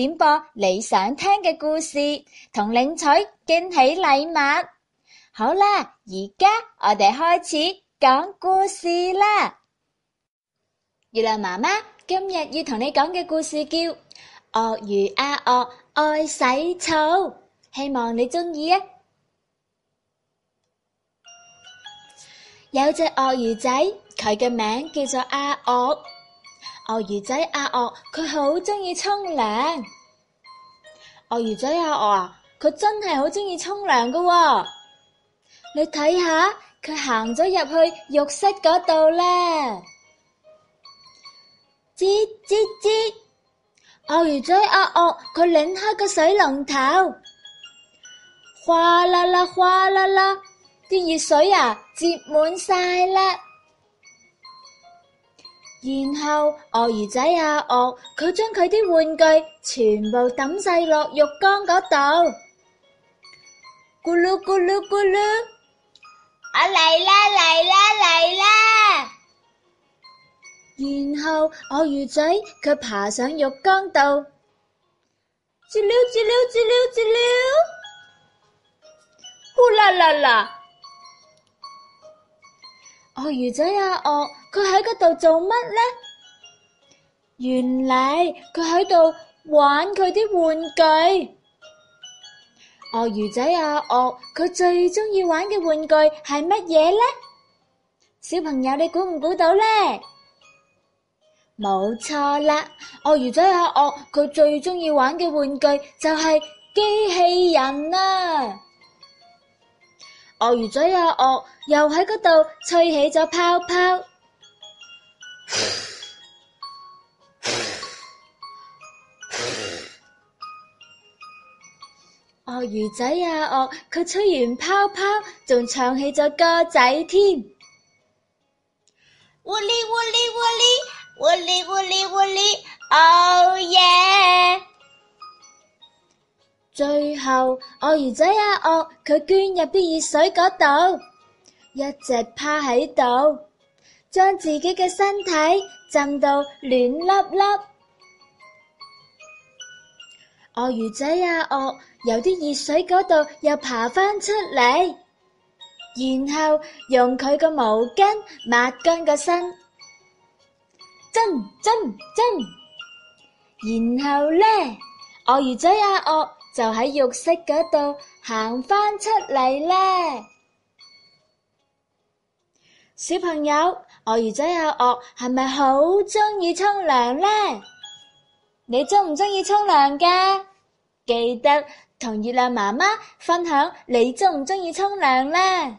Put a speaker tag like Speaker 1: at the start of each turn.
Speaker 1: 點播你想聽嘅故事，同領取驚喜禮物。好啦，而家我哋開始講故事啦。月亮媽媽今日要同你講嘅故事叫《鱷魚阿鱷愛洗澡》， 希望你中意啊！ 有隻鱷魚仔，佢嘅名叫做阿鱷。鱷魚仔阿鱷，佢好鍾意沖涼。鱷魚仔阿鱷啊，佢真係好鍾意沖涼噶。你睇下，佢行咗入去浴室嗰度啦。吱吱吱。鱷魚仔阿鱷，佢擰開個水龍頭，嘩啦啦嘩啦啦，啲熱水啊，接滿晒啦。然後鱷魚仔阿鱷，佢、啊哦、將佢啲玩具全部抌晒落浴缸嗰度，咕嚕咕嚕咕嚕，咕嚕我嚟啦嚟啦嚟啦！然後鱷魚仔佢爬上浴缸度，吱溜吱溜吱溜吱溜，呼啦啦啦！呃呃呃呃呃呃鱷魚仔阿鱷，佢喺嗰度做乜呢？原嚟佢喺度玩佢啲玩具。鱷魚仔阿鱷，佢最中意玩嘅玩具係乜嘢呢？小朋友，你估唔估到呢？冇錯啦，鱷魚仔阿鱷，佢最中意玩嘅玩具就係機器人。鱷魚仔阿、啊、鱷、哦、又喺嗰度吹起咗泡泡，鱷 魚仔阿鱷佢吹完泡泡仲唱起咗歌仔添，嗚哩嗚哩嗚哩嗚哩嗚哩嗚哩。最後，鱷魚仔阿鱷佢捐入啲熱水嗰度，一直趴喺度，將自己嘅身體浸到暖粒粒。鱷魚仔阿鱷由啲熱水嗰度又爬翻出嚟，然後用佢個毛巾抹乾個身，真真真。然後咧，鱷魚仔阿鱷。就喺浴室嗰度行翻出嚟咧， 小朋友，鱷魚仔阿鱷係咪好鍾意沖涼咧？你鍾唔鍾意沖涼噶？記得同月亮媽媽分享你鍾唔鍾意沖涼咧。